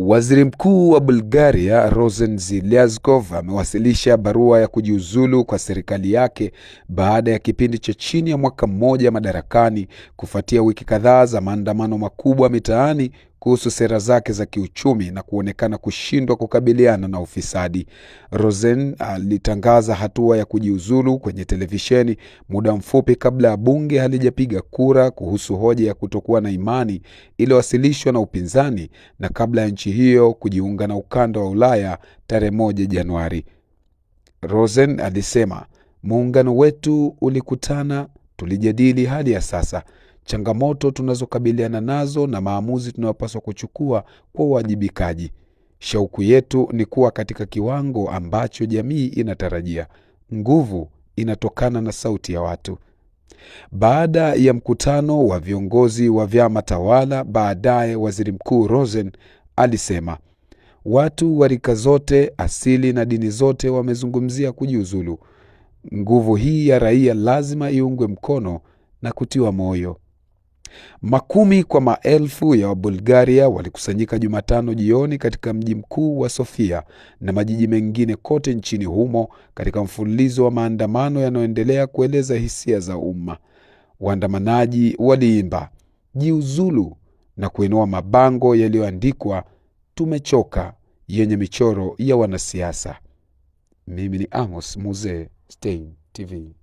Waziri Mkuu wa Bulgaria Rosen Zilyazkov amewasilisha barua ya kujiuzulu kwa serikali yake baada ya kipindi cha chini ya mwaka mmoja madarakani kufuatia wiki kadhaa za maandamano makubwa mitaani kuhusu sera zake za kiuchumi na kuonekana kushindwa kukabiliana na ufisadi. Rosen alitangaza hatua ya kujiuzulu kwenye televisheni muda mfupi kabla ya bunge halijapiga kura kuhusu hoja ya kutokuwa na imani iliyowasilishwa na upinzani na kabla ya nchi hiyo kujiunga na ukanda wa Ulaya tarehe moja Januari. Rosen alisema muungano wetu ulikutana, tulijadili hali ya sasa changamoto tunazokabiliana nazo na maamuzi tunayopaswa kuchukua kwa uwajibikaji. Shauku yetu ni kuwa katika kiwango ambacho jamii inatarajia. Nguvu inatokana na sauti ya watu. Baada ya mkutano wa viongozi wa vyama tawala, baadaye Waziri Mkuu Rosen alisema watu wa rika zote, asili na dini zote wamezungumzia kujiuzulu. Nguvu hii ya raia lazima iungwe mkono na kutiwa moyo. Makumi kwa maelfu ya Wabulgaria walikusanyika Jumatano jioni katika mji mkuu wa Sofia na majiji mengine kote nchini humo katika mfululizo wa maandamano yanayoendelea kueleza hisia za umma. Waandamanaji waliimba jiuzulu na kuinua mabango yaliyoandikwa tumechoka, yenye michoro ya wanasiasa. Mimi ni Amos Muzee, Stein TV.